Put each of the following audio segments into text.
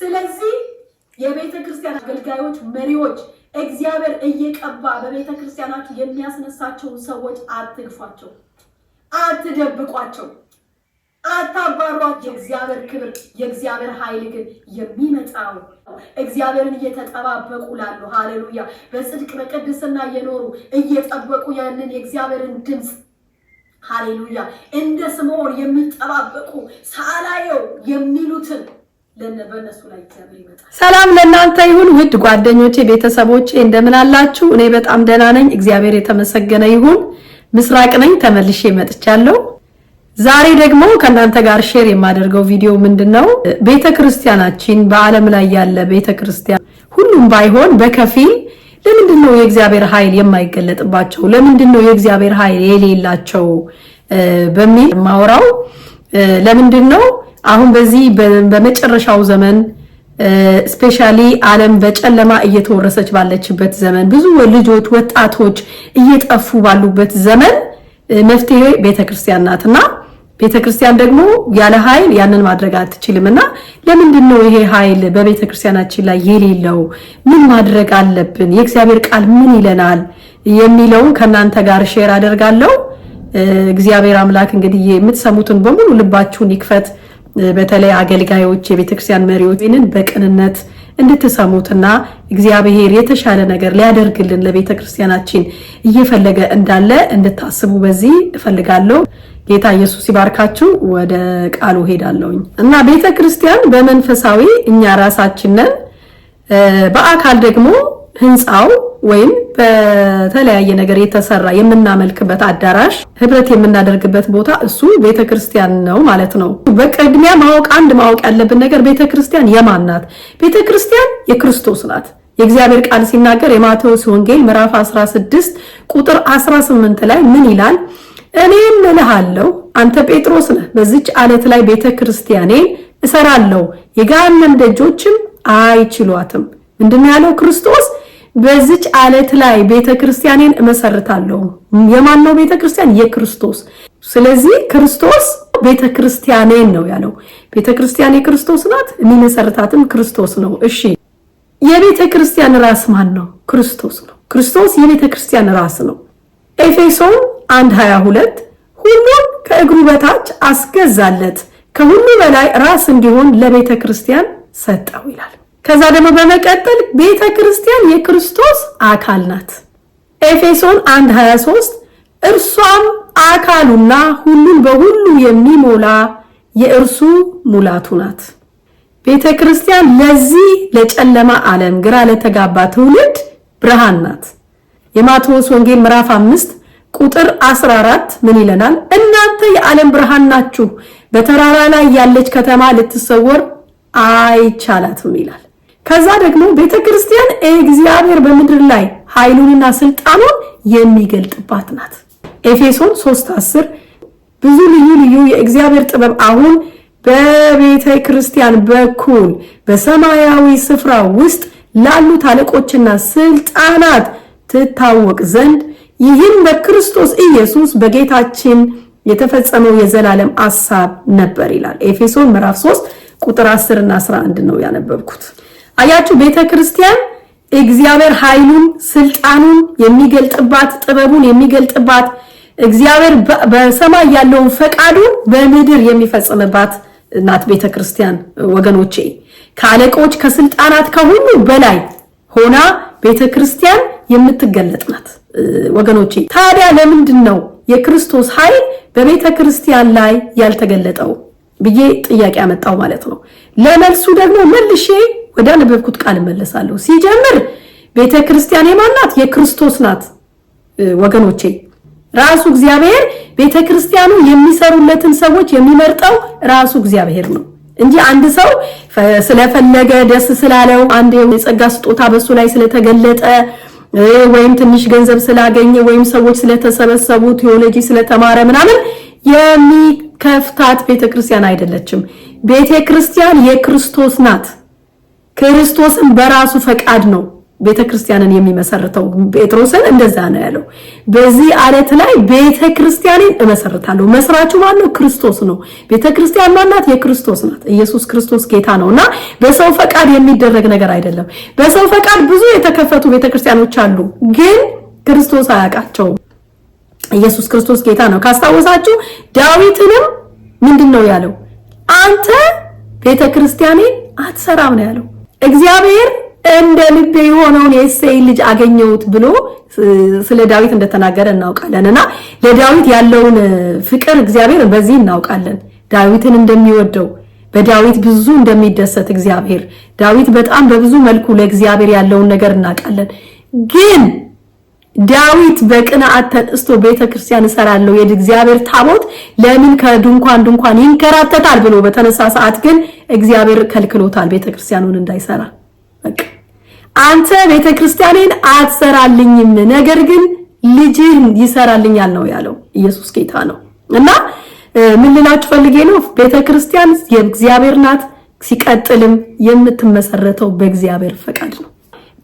ስለዚህ የቤተ ክርስቲያን አገልጋዮች፣ መሪዎች እግዚአብሔር እየቀባ በቤተ ክርስቲያናችሁ የሚያስነሳቸውን ሰዎች አትግፏቸው፣ አትደብቋቸው፣ አታባሯቸው። የእግዚአብሔር ክብር የእግዚአብሔር ኃይል ግን የሚመጣው እግዚአብሔርን እየተጠባበቁ ላሉ ሃሌሉያ፣ በጽድቅ በቅድስና እየኖሩ እየጠበቁ ያንን የእግዚአብሔርን ድምፅ ሃሌሉያ እንደ ስምዖን የሚጠባበቁ ሳላየው የሚሉትን ሰላም ለእናንተ ይሁን ውድ ጓደኞቼ ቤተሰቦቼ፣ እንደምን አላችሁ? እኔ በጣም ደህና ነኝ፣ እግዚአብሔር የተመሰገነ ይሁን። ምስራቅ ነኝ፣ ተመልሼ መጥቻለሁ። ዛሬ ደግሞ ከእናንተ ጋር ሼር የማደርገው ቪዲዮ ምንድን ነው? ቤተክርስቲያናችን፣ በዓለም ላይ ያለ ቤተክርስቲያን፣ ሁሉም ባይሆን በከፊል ለምንድን ነው የእግዚአብሔር ኃይል የማይገለጥባቸው? ለምንድን ነው የእግዚአብሔር ኃይል የሌላቸው? በሚል ማውራው ለምንድን ነው አሁን በዚህ በመጨረሻው ዘመን ስፔሻሊ ዓለም በጨለማ እየተወረሰች ባለችበት ዘመን ብዙ ልጆች ወጣቶች እየጠፉ ባሉበት ዘመን መፍትሄ ቤተክርስቲያን ናት እና ቤተክርስቲያን ደግሞ ያለ ኃይል ያንን ማድረግ አትችልም እና ለምንድን ነው ይሄ ኃይል በቤተክርስቲያናችን ላይ የሌለው? ምን ማድረግ አለብን? የእግዚአብሔር ቃል ምን ይለናል? የሚለውን ከእናንተ ጋር ሼር አደርጋለሁ። እግዚአብሔር አምላክ እንግዲህ የምትሰሙትን በሙሉ ልባችሁን ይክፈት። በተለይ አገልጋዮች፣ የቤተክርስቲያን መሪዎች ይህንን በቅንነት እንድትሰሙትና እግዚአብሔር የተሻለ ነገር ሊያደርግልን ለቤተክርስቲያናችን እየፈለገ እንዳለ እንድታስቡ በዚህ እፈልጋለሁ። ጌታ ኢየሱስ ይባርካችሁ። ወደ ቃሉ ሄዳለሁኝ እና ቤተክርስቲያን በመንፈሳዊ እኛ ራሳችንን በአካል ደግሞ ህንፃው ወይም በተለያየ ነገር የተሰራ የምናመልክበት አዳራሽ ህብረት የምናደርግበት ቦታ እሱ ቤተክርስቲያን ነው ማለት ነው። በቅድሚያ ማወቅ አንድ ማወቅ ያለብን ነገር ቤተክርስቲያን የማን ናት? ቤተክርስቲያን የክርስቶስ ናት። የእግዚአብሔር ቃል ሲናገር የማቴዎስ ወንጌል ምዕራፍ 16 ቁጥር 18 ላይ ምን ይላል? እኔም እልሃለሁ አንተ ጴጥሮስ ነህ፣ በዚች አለት ላይ ቤተክርስቲያኔን እሰራለሁ፣ የገሃነም ደጆችም አይችሏትም። ምንድን ያለው ክርስቶስ በዚች አለት ላይ ቤተክርስቲያኔን እመሰርታለሁ። የማን ነው ክርስቲያን? የክርስቶስ። ስለዚህ ክርስቶስ ቤተክርስቲያኔን ነው ያለው። ቤተክርስቲያን የክርስቶስ ናት፣ የሚመሰርታትም ክርስቶስ ነው። እሺ የቤተክርስቲያን ራስ ማን ነው? ክርስቶስ ነው። ክርስቶስ ክርስቲያን ራስ ነው። ኤፌሶን 1:22 ሁሉን ከእግሩ በታች አስገዛለት፣ ከሁሉ በላይ ራስ እንዲሆን ለቤተክርስቲያን ሰጠው ይላል። ከዛ ደግሞ በመቀጠል ቤተ ክርስቲያን የክርስቶስ አካል ናት። ኤፌሶን 1 23 እርሷም አካሉና ሁሉን በሁሉ የሚሞላ የእርሱ ሙላቱ ናት። ቤተ ክርስቲያን ለዚህ ለጨለማ ዓለም ግራ ለተጋባ ትውልድ ብርሃን ናት። የማቴዎስ ወንጌል ምዕራፍ 5 ቁጥር 14 ምን ይለናል? እናንተ የዓለም ብርሃን ናችሁ። በተራራ ላይ ያለች ከተማ ልትሰወር አይቻላትም ይላል። ከዛ ደግሞ ቤተ ክርስቲያን እግዚአብሔር በምድር ላይ ኃይሉንና ስልጣኑን የሚገልጥባት ናት። ኤፌሶን 3:10 ብዙ ልዩ ልዩ የእግዚአብሔር ጥበብ አሁን በቤተ ክርስቲያን በኩል በሰማያዊ ስፍራ ውስጥ ላሉት አለቆችና ስልጣናት ትታወቅ ዘንድ ይህም በክርስቶስ ኢየሱስ በጌታችን የተፈጸመው የዘላለም አሳብ ነበር ይላል። ኤፌሶን ምዕራፍ 3 ቁጥር 10 እና 11 ነው ያነበብኩት። አያችሁ ቤተ ክርስቲያን እግዚአብሔር ኃይሉን ስልጣኑን የሚገልጥባት ጥበቡን የሚገልጥባት እግዚአብሔር በሰማይ ያለውን ፈቃዱን በምድር የሚፈጽምባት ናት ቤተ ክርስቲያን። ወገኖቼ ከአለቆች ከስልጣናት ከሁሉ በላይ ሆና ቤተ ክርስቲያን የምትገለጥ ናት። ወገኖቼ ታዲያ ለምንድን ነው የክርስቶስ ኃይል በቤተ ክርስቲያን ላይ ያልተገለጠው ብዬ ጥያቄ አመጣው ማለት ነው። ለመልሱ ደግሞ መልሼ ወደ አነበብኩት ቃል እመለሳለሁ። ሲጀምር ቤተ ክርስቲያን የማናት የክርስቶስ ናት ወገኖቼ። ራሱ እግዚአብሔር ቤተ ክርስቲያኑ የሚሰሩለትን ሰዎች የሚመርጠው ራሱ እግዚአብሔር ነው እንጂ አንድ ሰው ስለፈለገ ደስ ስላለው አንድ የጸጋ ስጦታ በሱ ላይ ስለተገለጠ ወይም ትንሽ ገንዘብ ስላገኘ ወይም ሰዎች ስለተሰበሰቡ ቴዎሎጂ ስለተማረ ምናምን የሚከፍታት ቤተክርስቲያን አይደለችም። ቤተክርስቲያን የክርስቶስ ናት። ክርስቶስን በራሱ ፈቃድ ነው ቤተ ክርስቲያንን የሚመሰርተው። ጴጥሮስን እንደዛ ነው ያለው። በዚህ አለት ላይ ቤተ ክርስቲያንን እመሰርታለሁ። መስራቹ ማነው? ክርስቶስ ነው። ቤተ ክርስቲያን ማናት? የክርስቶስ ናት። ኢየሱስ ክርስቶስ ጌታ ነውና በሰው ፈቃድ የሚደረግ ነገር አይደለም። በሰው ፈቃድ ብዙ የተከፈቱ ቤተ ክርስቲያኖች አሉ፣ ግን ክርስቶስ አያውቃቸውም። ኢየሱስ ክርስቶስ ጌታ ነው። ካስታወሳችሁ ዳዊትንም ምንድን ነው ያለው? አንተ ቤተ ክርስቲያኔን አትሰራም ነው ያለው። እግዚአብሔር እንደ ልቤ የሆነውን የእሴይ ልጅ አገኘሁት ብሎ ስለ ዳዊት እንደተናገረ እናውቃለን። እና ለዳዊት ያለውን ፍቅር እግዚአብሔር በዚህ እናውቃለን። ዳዊትን እንደሚወደው በዳዊት ብዙ እንደሚደሰት እግዚአብሔር ዳዊት በጣም በብዙ መልኩ ለእግዚአብሔር ያለውን ነገር እናውቃለን ግን ዳዊት በቅንዓት ተነስቶ ቤተክርስቲያን እሰራለሁ የእግዚአብሔር ታቦት ለምን ከድንኳን ድንኳን ይንከራተታል ብሎ በተነሳ ሰዓት ግን እግዚአብሔር ከልክሎታል ቤተክርስቲያኑን እንዳይሰራ። በቃ አንተ ቤተክርስቲያኔን አትሰራልኝም፣ ነገር ግን ልጅህን ይሰራልኛል ነው ያለው። ኢየሱስ ጌታ ነው እና ምን ልላችሁ ፈልጌ ነው ቤተክርስቲያን የእግዚአብሔር ናት። ሲቀጥልም የምትመሰረተው በእግዚአብሔር ፈቃድ ነው።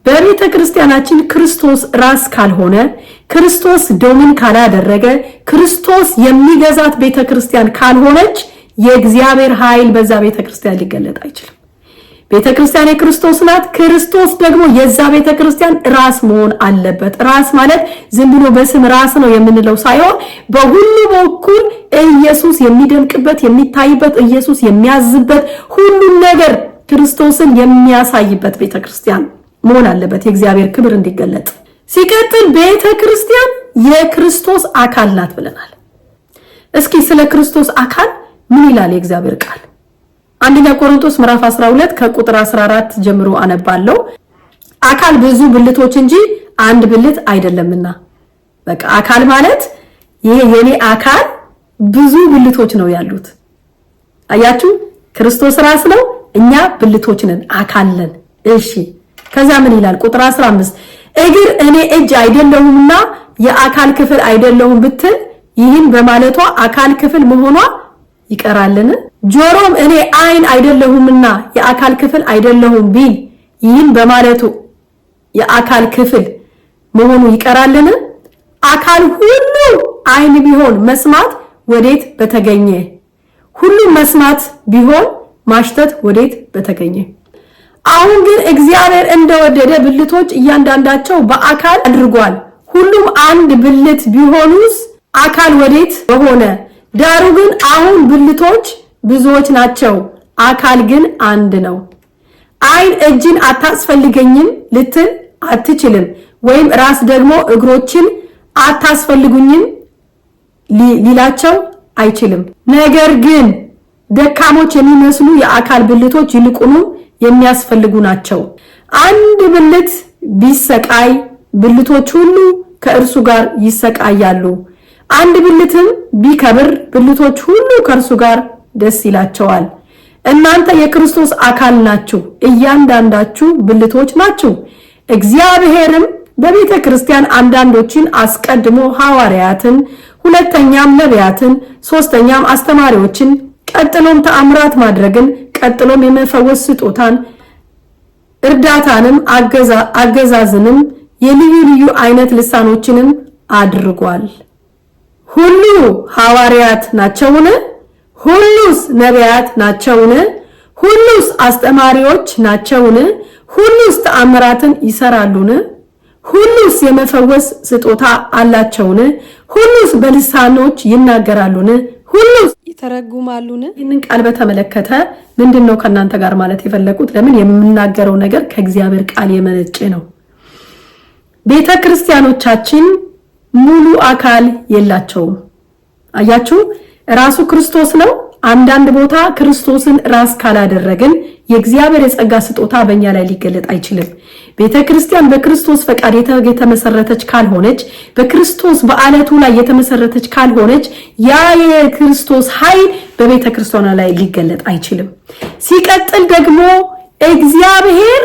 በቤተ ክርስቲያናችን ክርስቶስ ራስ ካልሆነ፣ ክርስቶስ ዶምን ካላደረገ፣ ክርስቶስ የሚገዛት ቤተ ክርስቲያን ካልሆነች የእግዚአብሔር ኃይል በዛ ቤተ ክርስቲያን ሊገለጥ አይችልም። ቤተ ክርስቲያን የክርስቶስ ናት። ክርስቶስ ደግሞ የዛ ቤተ ክርስቲያን ራስ መሆን አለበት። ራስ ማለት ዝም ብሎ በስም ራስ ነው የምንለው ሳይሆን በሁሉ በኩል ኢየሱስ የሚደምቅበት የሚታይበት፣ ኢየሱስ የሚያዝበት፣ ሁሉም ነገር ክርስቶስን የሚያሳይበት ቤተ ክርስቲያን መሆን አለበት የእግዚአብሔር ክብር እንዲገለጥ። ሲቀጥል ቤተ ክርስቲያን የክርስቶስ አካል ናት ብለናል። እስኪ ስለ ክርስቶስ አካል ምን ይላል የእግዚአብሔር ቃል? አንደኛ ቆሮንቶስ ምዕራፍ 12 ከቁጥር 14 ጀምሮ አነባለሁ። አካል ብዙ ብልቶች እንጂ አንድ ብልት አይደለምና። በቃ አካል ማለት ይሄ የኔ አካል ብዙ ብልቶች ነው ያሉት። አያችሁ፣ ክርስቶስ ራስ ነው፣ እኛ ብልቶች ነን፣ አካል ነን። እሺ ከዛ ምን ይላል? ቁጥር 15 እግር እኔ እጅ አይደለሁምና የአካል ክፍል አይደለሁም ብትል ይህን በማለቷ አካል ክፍል መሆኗ ይቀራልን? ጆሮም እኔ አይን አይደለሁምና የአካል ክፍል አይደለሁም ቢል ይህን በማለቱ የአካል ክፍል መሆኑ ይቀራልን? አካል ሁሉ አይን ቢሆን መስማት ወዴት በተገኘ? ሁሉም መስማት ቢሆን ማሽተት ወዴት በተገኘ? አሁን ግን እግዚአብሔር እንደወደደ ብልቶች እያንዳንዳቸው በአካል አድርጓል። ሁሉም አንድ ብልት ቢሆኑስ አካል ወዴት በሆነ? ዳሩ ግን አሁን ብልቶች ብዙዎች ናቸው፣ አካል ግን አንድ ነው። አይን እጅን አታስፈልገኝም ልትል አትችልም፣ ወይም ራስ ደግሞ እግሮችን አታስፈልጉኝም ሊላቸው አይችልም። ነገር ግን ደካሞች የሚመስሉ የአካል ብልቶች ይልቁኑ የሚያስፈልጉ ናቸው። አንድ ብልት ቢሰቃይ ብልቶች ሁሉ ከእርሱ ጋር ይሰቃያሉ። አንድ ብልትም ቢከብር ብልቶች ሁሉ ከእርሱ ጋር ደስ ይላቸዋል። እናንተ የክርስቶስ አካል ናችሁ፣ እያንዳንዳችሁ ብልቶች ናችሁ። እግዚአብሔርም በቤተ ክርስቲያን አንዳንዶችን አስቀድሞ ሐዋርያትን፣ ሁለተኛም ነቢያትን፣ ሶስተኛም አስተማሪዎችን፣ ቀጥሎም ተአምራት ማድረግን ቀጥሎም የመፈወስ ስጦታን እርዳታንም አገዛዝንም የልዩ ልዩ አይነት ልሳኖችንም አድርጓል። ሁሉ ሐዋርያት ናቸውን? ሁሉስ ነቢያት ናቸውን? ሁሉስ አስተማሪዎች ናቸውን? ሁሉስ ተአምራትን ይሰራሉን? ሁሉስ የመፈወስ ስጦታ አላቸውን? ሁሉስ በልሳኖች ይናገራሉን? ሁሉስ ይተረጉማሉን? ይህንን ቃል በተመለከተ ምንድን ነው ከእናንተ ጋር ማለት የፈለጉት? ለምን የምናገረው ነገር ከእግዚአብሔር ቃል የመነጨ ነው። ቤተ ክርስቲያኖቻችን ሙሉ አካል የላቸውም። አያችሁ፣ ራሱ ክርስቶስ ነው አንዳንድ ቦታ ክርስቶስን ራስ ካላደረግን የእግዚአብሔር የጸጋ ስጦታ በእኛ ላይ ሊገለጥ አይችልም። ቤተ ክርስቲያን በክርስቶስ ፈቃድ የተመሰረተች ካልሆነች፣ በክርስቶስ በአለቱ ላይ የተመሰረተች ካልሆነች ያ የክርስቶስ ኃይል በቤተ ክርስቲያኗ ላይ ሊገለጥ አይችልም። ሲቀጥል ደግሞ እግዚአብሔር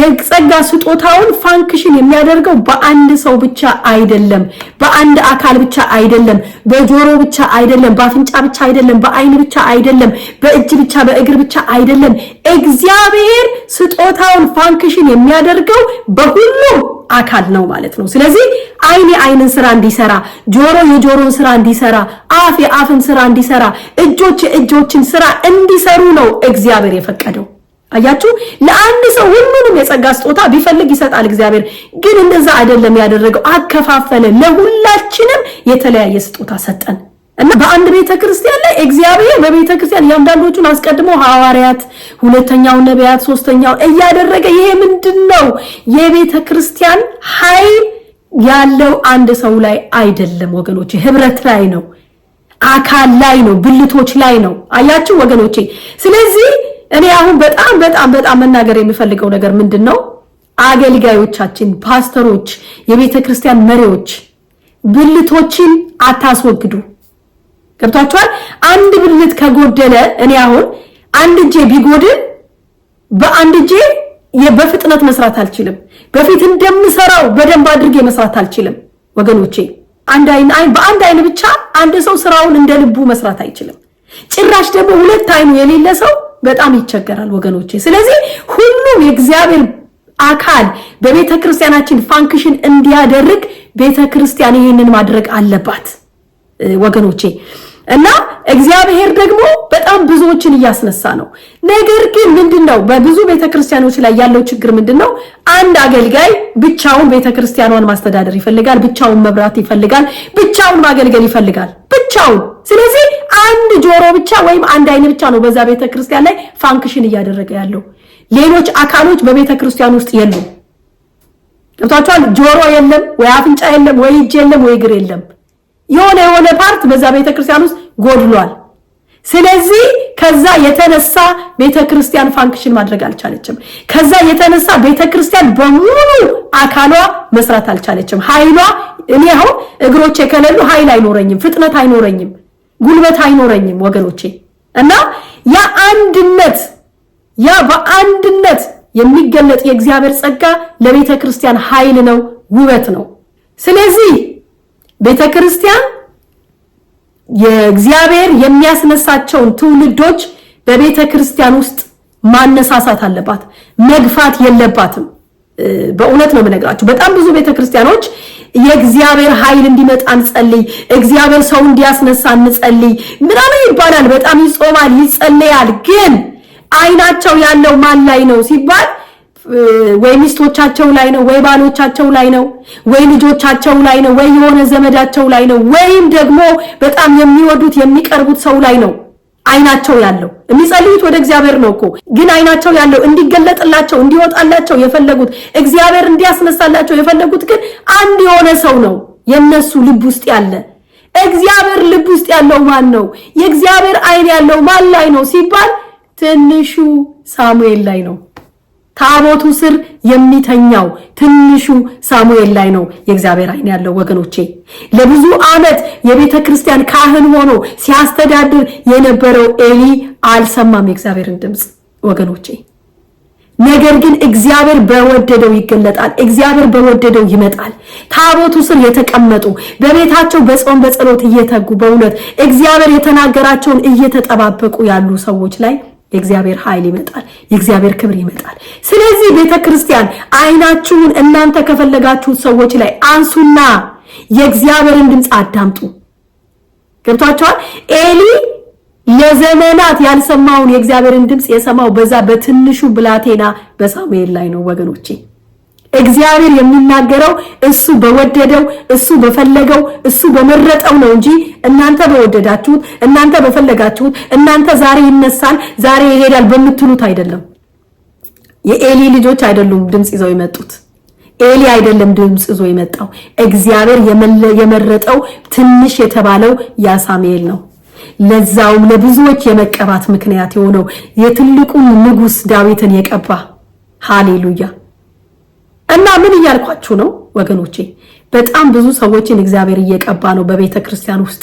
የጸጋ ስጦታውን ፋንክሽን የሚያደርገው በአንድ ሰው ብቻ አይደለም፣ በአንድ አካል ብቻ አይደለም፣ በጆሮ ብቻ አይደለም፣ በአፍንጫ ብቻ አይደለም፣ በአይን ብቻ አይደለም፣ በእጅ ብቻ፣ በእግር ብቻ አይደለም። እግዚአብሔር ስጦታውን ፋንክሽን የሚያደርገው በሁሉም አካል ነው ማለት ነው። ስለዚህ አይን የአይንን ስራ እንዲሰራ፣ ጆሮ የጆሮን ስራ እንዲሰራ፣ አፍ የአፍን ስራ እንዲሰራ፣ እጆች የእጆችን ስራ እንዲሰሩ ነው እግዚአብሔር የፈቀደው። አያችሁ፣ ለአንድ ሰው ሁሉንም የጸጋ ስጦታ ቢፈልግ ይሰጣል እግዚአብሔር። ግን እንደዛ አይደለም ያደረገው፣ አከፋፈለ። ለሁላችንም የተለያየ ስጦታ ሰጠን እና በአንድ ቤተ ክርስቲያን ላይ እግዚአብሔር በቤተ ክርስቲያን እያንዳንዶቹን አስቀድሞ ሐዋርያት፣ ሁለተኛው ነቢያት፣ ሶስተኛው እያደረገ ይሄ ምንድን ነው? የቤተ ክርስቲያን ኃይል ያለው አንድ ሰው ላይ አይደለም ወገኖች፣ ህብረት ላይ ነው፣ አካል ላይ ነው፣ ብልቶች ላይ ነው። አያችሁ ወገኖቼ፣ ስለዚህ እኔ አሁን በጣም በጣም በጣም መናገር የምፈልገው ነገር ምንድን ነው? አገልጋዮቻችን፣ ፓስተሮች፣ የቤተ ክርስቲያን መሪዎች ብልቶችን አታስወግዱ። ገብቷችኋል? አንድ ብልት ከጎደለ እኔ አሁን አንድ እጄ ቢጎድል በአንድ እጄ በፍጥነት መስራት አልችልም። በፊት እንደምሰራው በደንብ አድርጌ መስራት አልችልም። ወገኖቼ አንድ አይን በአንድ አይን ብቻ አንድ ሰው ስራውን እንደ ልቡ መስራት አይችልም። ጭራሽ ደግሞ ሁለት አይኑ የሌለ ሰው በጣም ይቸገራል ወገኖቼ። ስለዚህ ሁሉም የእግዚአብሔር አካል በቤተ ክርስቲያናችን ፋንክሽን እንዲያደርግ ቤተ ክርስቲያን ይህንን ማድረግ አለባት ወገኖቼ። እና እግዚአብሔር ደግሞ በጣም ብዙዎችን እያስነሳ ነው። ነገር ግን ምንድን ነው በብዙ ቤተ ክርስቲያኖች ላይ ያለው ችግር ምንድን ነው? አንድ አገልጋይ ብቻውን ቤተ ክርስቲያኗን ማስተዳደር ይፈልጋል፣ ብቻውን መብራት ይፈልጋል፣ ብቻውን ማገልገል ይፈልጋል፣ ብቻውን ስለዚህ አንድ ጆሮ ብቻ ወይም አንድ አይን ብቻ ነው በዛ ቤተ ክርስቲያን ላይ ፋንክሽን እያደረገ ያለው። ሌሎች አካሎች በቤተ ክርስቲያን ውስጥ የሉም። ገብቷችኋል? ጆሮ የለም ወይ አፍንጫ የለም ወይ እጅ የለም ወይ እግር የለም። የሆነ የሆነ ፓርት በዛ ቤተ ክርስቲያን ውስጥ ጎድሏል። ስለዚህ ከዛ የተነሳ ቤተ ክርስቲያን ፋንክሽን ማድረግ አልቻለችም። ከዛ የተነሳ ቤተ ክርስቲያን በሙሉ አካሏ መስራት አልቻለችም። ኃይሏ እኔ አሁን እግሮቼ ከሌሉ ኃይል አይኖረኝም፣ ፍጥነት አይኖረኝም። ጉልበት አይኖረኝም ወገኖቼ። እና ያ አንድነት ያ በአንድነት የሚገለጥ የእግዚአብሔር ጸጋ ለቤተ ክርስቲያን ኃይል ነው፣ ውበት ነው። ስለዚህ ቤተ ክርስቲያን የእግዚአብሔር የሚያስነሳቸውን ትውልዶች በቤተ ክርስቲያን ውስጥ ማነሳሳት አለባት፣ መግፋት የለባትም። በእውነት ነው የምነግራችሁ። በጣም ብዙ ቤተ ክርስቲያኖች የእግዚአብሔር ኃይል እንዲመጣ እንጸልይ። እግዚአብሔር ሰው እንዲያስነሳ እንጸልይ ምናምን ይባላል። በጣም ይጾማል፣ ይጸልያል ግን አይናቸው ያለው ማን ላይ ነው ሲባል ወይ ሚስቶቻቸው ላይ ነው፣ ወይ ባሎቻቸው ላይ ነው፣ ወይ ልጆቻቸው ላይ ነው፣ ወይ የሆነ ዘመዳቸው ላይ ነው፣ ወይም ደግሞ በጣም የሚወዱት የሚቀርቡት ሰው ላይ ነው። አይናቸው ያለው የሚጸልዩት ወደ እግዚአብሔር ነው እኮ ግን አይናቸው ያለው እንዲገለጥላቸው እንዲወጣላቸው የፈለጉት እግዚአብሔር እንዲያስነሳላቸው የፈለጉት ግን አንድ የሆነ ሰው ነው የነሱ ልብ ውስጥ ያለ እግዚአብሔር ልብ ውስጥ ያለው ማን ነው የእግዚአብሔር አይን ያለው ማን ላይ ነው ሲባል ትንሹ ሳሙኤል ላይ ነው ታቦቱ ስር የሚተኛው ትንሹ ሳሙኤል ላይ ነው የእግዚአብሔር ዓይን ያለው ወገኖቼ። ለብዙ ዓመት የቤተ ክርስቲያን ካህን ሆኖ ሲያስተዳድር የነበረው ኤሊ አልሰማም የእግዚአብሔርን ድምፅ ወገኖቼ። ነገር ግን እግዚአብሔር በወደደው ይገለጣል። እግዚአብሔር በወደደው ይመጣል። ታቦቱ ስር የተቀመጡ በቤታቸው በጾም በጸሎት እየተጉ በእውነት እግዚአብሔር የተናገራቸውን እየተጠባበቁ ያሉ ሰዎች ላይ የእግዚአብሔር ኃይል ይመጣል። የእግዚአብሔር ክብር ይመጣል። ስለዚህ ቤተ ክርስቲያን አይናችሁን እናንተ ከፈለጋችሁት ሰዎች ላይ አንሱና የእግዚአብሔርን ድምፅ አዳምጡ። ገብቷቸዋል። ኤሊ ለዘመናት ያልሰማውን የእግዚአብሔርን ድምፅ የሰማው በዛ በትንሹ ብላቴና በሳሙኤል ላይ ነው ወገኖቼ። እግዚአብሔር የሚናገረው እሱ በወደደው እሱ በፈለገው እሱ በመረጠው ነው እንጂ እናንተ በወደዳችሁት እናንተ በፈለጋችሁት እናንተ ዛሬ ይነሳል ዛሬ ይሄዳል በምትሉት አይደለም። የኤሊ ልጆች አይደሉም ድምፅ ይዘው የመጡት። ኤሊ አይደለም ድምፅ ይዞ የመጣው እግዚአብሔር የመረጠው ትንሽ የተባለው ያ ነው። ለዛውም ለብዙዎች የመቀባት ምክንያት የሆነው የትልቁን ንጉሥ ዳዊትን የቀባ ሃሌሉያ እና ምን እያልኳችሁ ነው ወገኖቼ? በጣም ብዙ ሰዎችን እግዚአብሔር እየቀባ ነው በቤተ ክርስቲያን ውስጥ።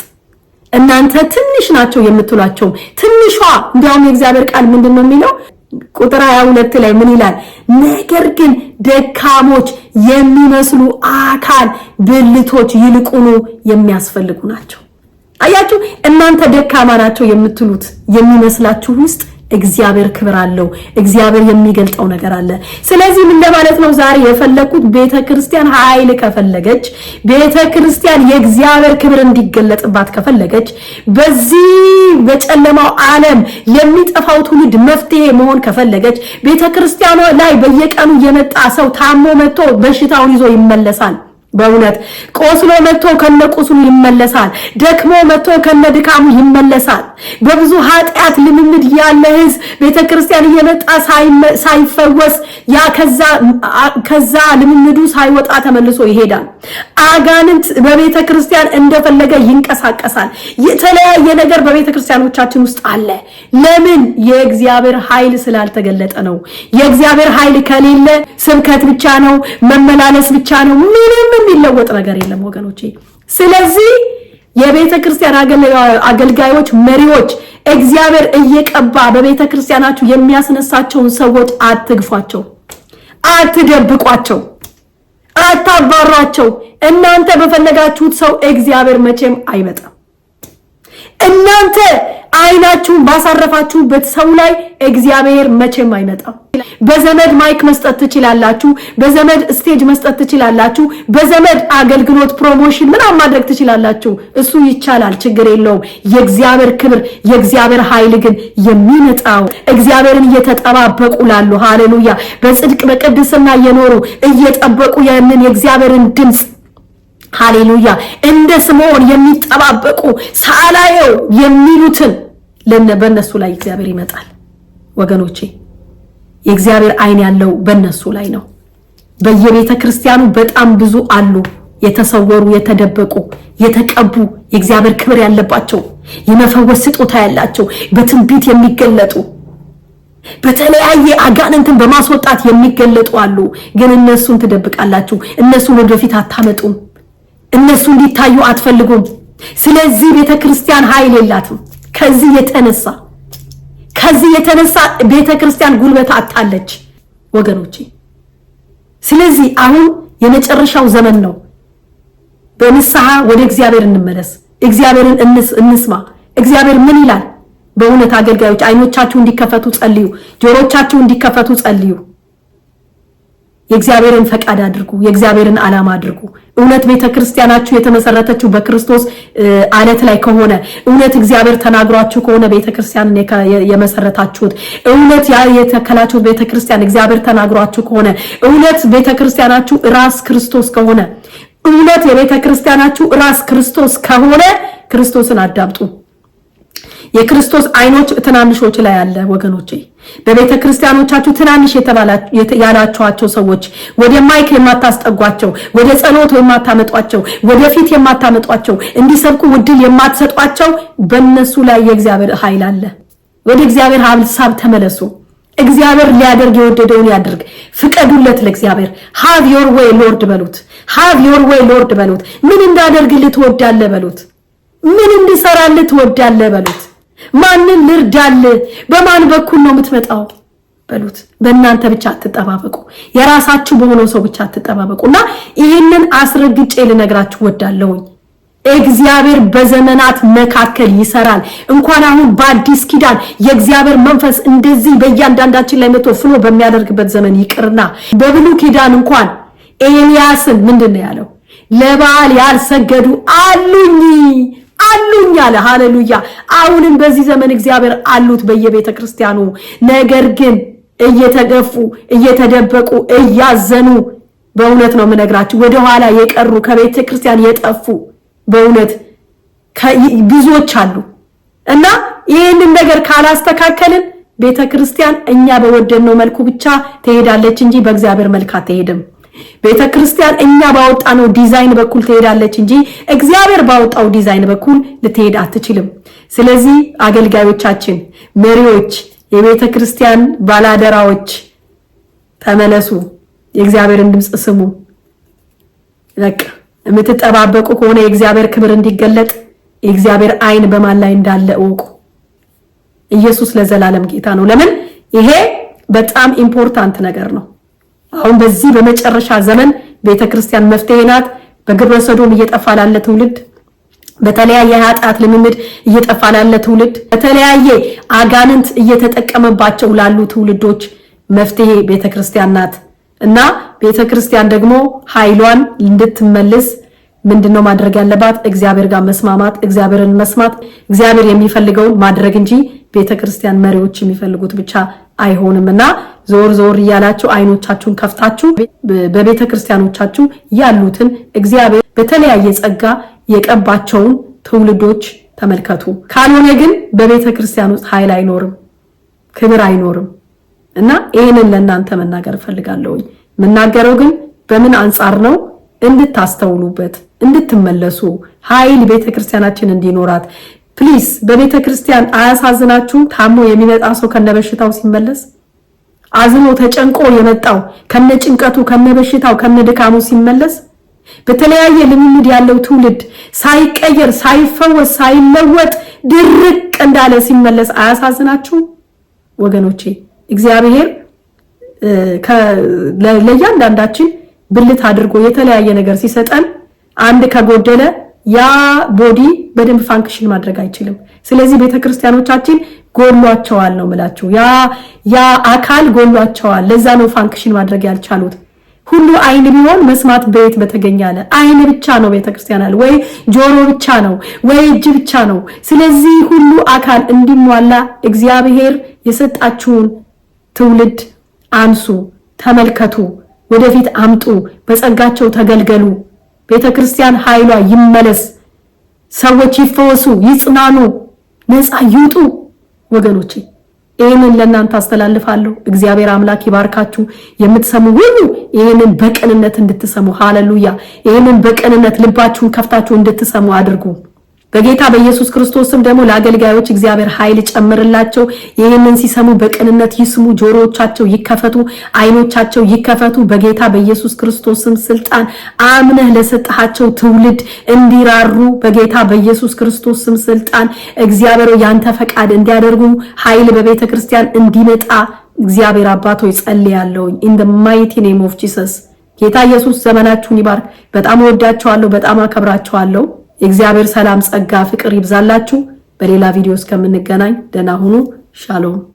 እናንተ ትንሽ ናቸው የምትሏቸው ትንሿ። እንዲያውም የእግዚአብሔር ቃል ምንድን ነው የሚለው? ቁጥር 22 ላይ ምን ይላል? ነገር ግን ደካሞች የሚመስሉ አካል ብልቶች ይልቁኑ የሚያስፈልጉ ናቸው። አያችሁ፣ እናንተ ደካማ ናቸው የምትሉት የሚመስላችሁ ውስጥ እግዚአብሔር ክብር አለው። እግዚአብሔር የሚገልጠው ነገር አለ። ምን ለማለት ነው ዛሬ የፈለኩት ቤተ ክርስቲያን ኃይል ከፈለገች፣ ቤተ ክርስቲያን የእግዚአብሔር ክብር እንዲገለጥባት ከፈለገች፣ በዚህ በጨለማው ዓለም የሚጠፋው ትውልድ መፍትሄ መሆን ከፈለገች፣ ቤተ ክርስቲያኗ ላይ በየቀኑ የመጣ ሰው ታሞ መጥቶ በሽታውን ይዞ ይመለሳል። በእውነት ቆስሎ መጥቶ ከነ ይመለሳል። ደክሞ መጥቶ ከነ ድካሙ ይመለሳል። በብዙ ኃጢአት ልምምድ ያለ ህዝብ ቤተ ክርስቲያን እየመጣ ሳይፈወስ ያ ከዛ ልምምዱ ሳይወጣ ተመልሶ ይሄዳል። አጋንንት በቤተ ክርስቲያን እንደፈለገ ይንቀሳቀሳል። የተለያየ ነገር በቤተ ክርስቲያኖቻችን ውስጥ አለ። ለምን? የእግዚአብሔር ኃይል ስላልተገለጠ ነው። የእግዚአብሔር ኃይል ከሌለ ስብከት ብቻ ነው፣ መመላለስ ብቻ ነው። ምንም የሚለወጥ ነገር የለም ወገኖቼ። ስለዚህ የቤተ ክርስቲያን አገልጋዮች፣ መሪዎች እግዚአብሔር እየቀባ በቤተ ክርስቲያናችሁ የሚያስነሳቸውን ሰዎች አትግፏቸው፣ አትደብቋቸው፣ አታባሯቸው። እናንተ በፈለጋችሁት ሰው እግዚአብሔር መቼም አይመጣም። እናንተ አይናችሁን ባሳረፋችሁበት ሰው ላይ እግዚአብሔር መቼም አይመጣም። በዘመድ ማይክ መስጠት ትችላላችሁ። በዘመድ ስቴጅ መስጠት ትችላላችሁ። በዘመድ አገልግሎት ፕሮሞሽን ምናምን ማድረግ ትችላላችሁ። እሱ ይቻላል፣ ችግር የለውም። የእግዚአብሔር ክብር የእግዚአብሔር ኃይል ግን የሚመጣው እግዚአብሔርን እየተጠባበቁ ላሉ ሃሌሉያ፣ በጽድቅ በቅድስና እየኖሩ እየጠበቁ ያንን የእግዚአብሔርን ድምፅ ሃሌሉያ እንደ ስምዖን የሚጠባበቁ ሳላየው የሚሉትን ለነ በእነሱ ላይ እግዚአብሔር ይመጣል። ወገኖቼ የእግዚአብሔር አይን ያለው በእነሱ ላይ ነው። በየቤተ ክርስቲያኑ በጣም ብዙ አሉ፣ የተሰወሩ፣ የተደበቁ፣ የተቀቡ የእግዚአብሔር ክብር ያለባቸው የመፈወስ ስጦታ ያላቸው በትንቢት የሚገለጡ በተለያየ አጋንንትን በማስወጣት የሚገለጡ አሉ። ግን እነሱን ትደብቃላችሁ፣ እነሱን ወደፊት አታመጡም። እነሱ እንዲታዩ አትፈልጉም። ስለዚህ ቤተ ክርስቲያን ኃይል የላትም። ከዚህ የተነሳ ከዚህ የተነሳ ቤተ ክርስቲያን ጉልበት አጣለች ወገኖቼ። ስለዚህ አሁን የመጨረሻው ዘመን ነው። በንስሐ ወደ እግዚአብሔር እንመለስ፣ እግዚአብሔርን እንስማ። እግዚአብሔር ምን ይላል? በእውነት አገልጋዮች አይኖቻችሁ እንዲከፈቱ ጸልዩ፣ ጆሮቻችሁ እንዲከፈቱ ጸልዩ። የእግዚአብሔርን ፈቃድ አድርጉ፣ የእግዚአብሔርን ዓላማ አድርጉ። እውነት ቤተ ክርስቲያናችሁ የተመሰረተችው በክርስቶስ አለት ላይ ከሆነ እውነት እግዚአብሔር ተናግሯችሁ ከሆነ ቤተ ክርስቲያንን የመሰረታችሁት እውነት ያ የተከላችሁት ቤተ ክርስቲያን እግዚአብሔር ተናግሯችሁ ከሆነ እውነት ቤተ ክርስቲያናችሁ ራስ ክርስቶስ ከሆነ እውነት የቤተ ክርስቲያናችሁ ራስ ክርስቶስ ከሆነ ክርስቶስን አዳምጡ። የክርስቶስ አይኖች ትናንሾች ላይ አለ ወገኖቼ። በቤተ ክርስቲያኖቻችሁ ትናንሽ ያላችኋቸው ሰዎች ወደ ማይክ የማታስጠጓቸው፣ ወደ ጸሎት የማታመጧቸው፣ ወደፊት የማታመጧቸው፣ እንዲሰብኩ ውድል የማትሰጧቸው በእነሱ ላይ የእግዚአብሔር ኃይል አለ። ወደ እግዚአብሔር ሀሳብ ተመለሱ። እግዚአብሔር ሊያደርግ የወደደውን ያድርግ። ፍቀዱለት ለእግዚአብሔር። ሃቭ ዮር ዌይ ሎርድ በሉት። ሃቭ ዮር ዌይ ሎርድ በሉት። ምን እንዳደርግልህ ትወዳለህ በሉት። ምን እንድሰራልህ ትወዳለህ በሉት። ማንን ልርዳል? በማን በኩል ነው የምትመጣው? በሉት። በእናንተ ብቻ አትጠባበቁ፣ የራሳችሁ በሆነው ሰው ብቻ አትጠባበቁ። እና ይህንን አስረግጬ ልነግራችሁ ወዳለሁኝ እግዚአብሔር በዘመናት መካከል ይሰራል። እንኳን አሁን በአዲስ ኪዳን የእግዚአብሔር መንፈስ እንደዚህ በእያንዳንዳችን ላይ መቶ ፍኖ በሚያደርግበት ዘመን ይቅርና በብሉ ኪዳን እንኳን ኤልያስን ምንድን ነው ያለው? ለበዓል ያልሰገዱ አሉኝ አሉኝ አለ። ሃሌሉያ! አሁንም በዚህ ዘመን እግዚአብሔር አሉት በየቤተ ክርስቲያኑ። ነገር ግን እየተገፉ እየተደበቁ እያዘኑ በእውነት ነው የምነግራችሁ ወደኋላ የቀሩ ከቤተ ክርስቲያን የጠፉ በእውነት ብዙዎች አሉ እና ይህንን ነገር ካላስተካከልን ቤተ ክርስቲያን እኛ በወደድነው መልኩ ብቻ ትሄዳለች እንጂ በእግዚአብሔር መልክ አትሄድም። ቤተ ክርስቲያን እኛ ባወጣነው ዲዛይን በኩል ትሄዳለች እንጂ እግዚአብሔር ባወጣው ዲዛይን በኩል ልትሄድ አትችልም። ስለዚህ አገልጋዮቻችን፣ መሪዎች፣ የቤተ ክርስቲያን ባላደራዎች ተመለሱ፣ የእግዚአብሔርን ድምፅ ስሙ። በቃ የምትጠባበቁ ከሆነ የእግዚአብሔር ክብር እንዲገለጥ የእግዚአብሔር ዓይን በማን ላይ እንዳለ እወቁ። ኢየሱስ ለዘላለም ጌታ ነው። ለምን? ይሄ በጣም ኢምፖርታንት ነገር ነው። አሁን በዚህ በመጨረሻ ዘመን ቤተ ክርስቲያን መፍትሄ ናት። በግብረ ሰዶም እየጠፋ ላለ ትውልድ በተለያየ ኃጢአት ልምምድ እየጠፋ ላለ ትውልድ በተለያየ አጋንንት እየተጠቀመባቸው ላሉ ትውልዶች መፍትሄ ቤተ ክርስቲያን ናት እና ቤተ ክርስቲያን ደግሞ ኃይሏን እንድትመልስ ምንድነው ማድረግ ያለባት? እግዚአብሔር ጋር መስማማት፣ እግዚአብሔርን መስማት፣ እግዚአብሔር የሚፈልገውን ማድረግ እንጂ ቤተክርስቲያን መሪዎች የሚፈልጉት ብቻ አይሆንም እና ዞር ዞር እያላችሁ አይኖቻችሁን ከፍታችሁ በቤተክርስቲያኖቻችሁ ያሉትን እግዚአብሔር በተለያየ ጸጋ የቀባቸውን ትውልዶች ተመልከቱ። ካልሆነ ግን በቤተ ክርስቲያን ውስጥ ኃይል አይኖርም፣ ክብር አይኖርም እና ይህንን ለእናንተ መናገር እፈልጋለሁኝ። የምናገረው ግን በምን አንጻር ነው እንድታስተውሉበት እንድትመለሱ ኃይል ቤተ ክርስቲያናችን እንዲኖራት ፕሊስ። በቤተ ክርስቲያን አያሳዝናችሁ? ታሞ የሚመጣ ሰው ከነበሽታው ሲመለስ አዝኖ ተጨንቆ የመጣው ከነ ጭንቀቱ ከነ በሽታው ከነ ድካሙ ሲመለስ በተለያየ ልምምድ ያለው ትውልድ ሳይቀየር ሳይፈወስ ሳይለወጥ ድርቅ እንዳለ ሲመለስ አያሳዝናችሁ? ወገኖቼ እግዚአብሔር ለእያንዳንዳችን ብልት አድርጎ የተለያየ ነገር ሲሰጠን አንድ ከጎደለ ያ ቦዲ በደንብ ፋንክሽን ማድረግ አይችልም። ስለዚህ ቤተክርስቲያኖቻችን ጎሏቸዋል ነው ምላችሁ። ያ ያ አካል ጎሏቸዋል። ለዛ ነው ፋንክሽን ማድረግ ያልቻሉት። ሁሉ አይን ቢሆን መስማት በየት በተገኘ አለ። አይን ብቻ ነው ቤተክርስቲያን አለ ወይ ጆሮ ብቻ ነው ወይ እጅ ብቻ ነው። ስለዚህ ሁሉ አካል እንዲሟላ እግዚአብሔር የሰጣችሁን ትውልድ አንሱ፣ ተመልከቱ። ወደፊት አምጡ፣ በጸጋቸው ተገልገሉ። ቤተ ክርስቲያን ኃይሏ ይመለስ፣ ሰዎች ይፈወሱ፣ ይጽናኑ፣ ነፃ ይውጡ። ወገኖቼ ይህንን ለእናንተ አስተላልፋለሁ። እግዚአብሔር አምላክ ይባርካችሁ። የምትሰሙ ሁሉ ይህንን በቅንነት እንድትሰሙ ሃሌሉያ! ይህንን በቅንነት ልባችሁን ከፍታችሁ እንድትሰሙ አድርጉ። በጌታ በኢየሱስ ክርስቶስም ደግሞ ለአገልጋዮች እግዚአብሔር ኃይል ጨምርላቸው። ይህንን ሲሰሙ በቅንነት ይስሙ፣ ጆሮዎቻቸው ይከፈቱ፣ አይኖቻቸው ይከፈቱ። በጌታ በኢየሱስ ክርስቶስ ስልጣን አምነህ ለሰጠሃቸው ትውልድ እንዲራሩ በጌታ በኢየሱስ ክርስቶስ ስልጣን እግዚአብሔር ያንተ ፈቃድ እንዲያደርጉ ኃይል በቤተ ክርስቲያን እንዲመጣ እግዚአብሔር አባቶ ጸልያለሁኝ። ኢን ዘ ማይቲ ኔም ኦፍ ጂሰስ። ጌታ ኢየሱስ ዘመናችሁን ይባርክ። በጣም ወዳችኋለሁ፣ በጣም አከብራችኋለሁ። የእግዚአብሔር ሰላም፣ ጸጋ፣ ፍቅር ይብዛላችሁ። በሌላ ቪዲዮ እስከምንገናኝ ደህና ሁኑ። ሻሎም